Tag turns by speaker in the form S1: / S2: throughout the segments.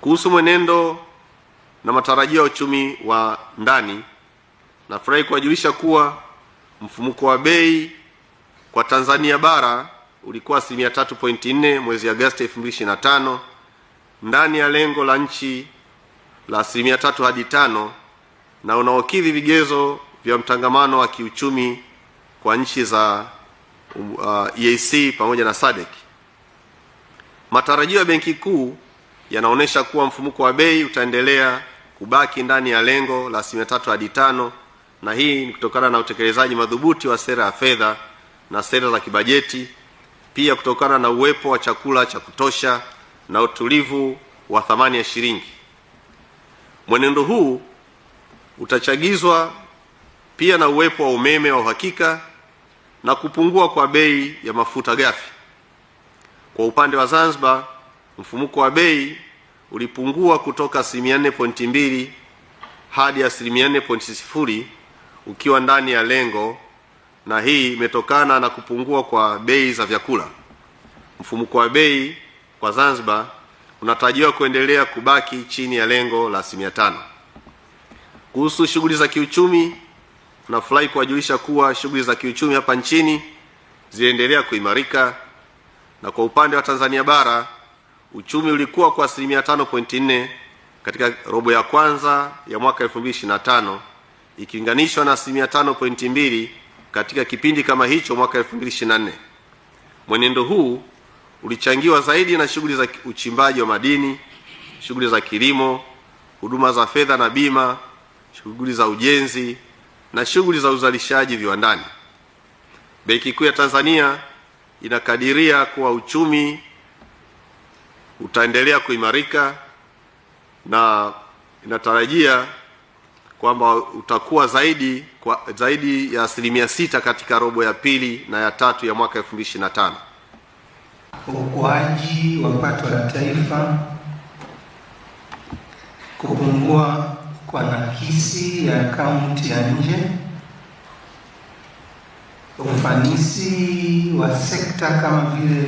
S1: Kuhusu mwenendo na matarajio ya uchumi wa ndani, nafurahi kuwajulisha kuwa mfumuko wa bei kwa Tanzania bara ulikuwa asilimia 3.4 mwezi Agosti 2025 ndani ya lengo la nchi la asilimia 3 hadi 5 na unaokidhi vigezo vya mtangamano wa kiuchumi kwa nchi za uh, EAC pamoja na SADC. Matarajio ya Benki Kuu yanaonyesha kuwa mfumuko wa bei utaendelea kubaki ndani ya lengo la asilimia tatu hadi tano, na hii ni kutokana na utekelezaji madhubuti wa sera ya fedha na sera za kibajeti, pia kutokana na uwepo wa chakula cha kutosha na utulivu wa thamani ya shilingi. Mwenendo huu utachagizwa pia na uwepo wa umeme wa uhakika na kupungua kwa bei ya mafuta gafi Kwa upande wa Zanzibar, mfumuko wa bei ulipungua kutoka asilimia 4.2 hadi asilimia 4.0 ukiwa ndani ya lengo, na hii imetokana na kupungua kwa bei za vyakula. Mfumuko wa bei kwa Zanzibar unatarajiwa kuendelea kubaki chini ya lengo la asilimia tano. Kuhusu shughuli za kiuchumi, nafurahi kuwajulisha kuwa shughuli za kiuchumi hapa nchini ziliendelea kuimarika, na kwa upande wa Tanzania bara Uchumi ulikuwa kwa asilimia 5.4 katika robo ya kwanza ya mwaka 2025 ikilinganishwa na asilimia 5.2 katika kipindi kama hicho mwaka 2024. Mwenendo huu ulichangiwa zaidi na shughuli za uchimbaji wa madini, shughuli za kilimo, huduma za fedha na bima, shughuli za ujenzi na shughuli za uzalishaji viwandani. Benki Kuu ya Tanzania inakadiria kuwa uchumi utaendelea kuimarika na inatarajia kwamba utakuwa zaidi kwa, zaidi ya asilimia sita katika robo ya pili na ya tatu ya mwaka 2025.
S2: Ukuaji wa pato la taifa, kupungua kwa nakisi ya akaunti ya nje, ufanisi wa sekta kama vile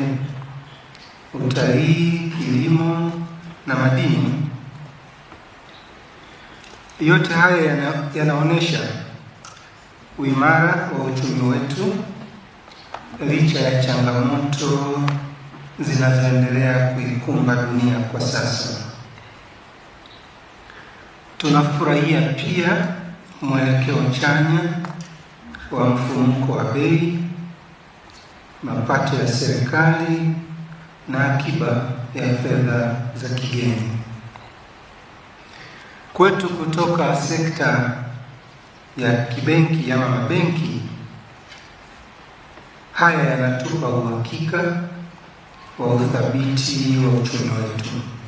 S2: utalii, kilimo na madini. Yote haya yana, yanaonyesha uimara wa uchumi wetu licha ya changamoto zinazoendelea kuikumba dunia kwa sasa. Tunafurahia pia mwelekeo chanya wa mfumuko wa bei, mapato ya serikali na akiba ya fedha za kigeni. Kwetu kutoka sekta ya kibenki ama mabenki, haya yanatupa uhakika wa uthabiti wa uchumi wetu.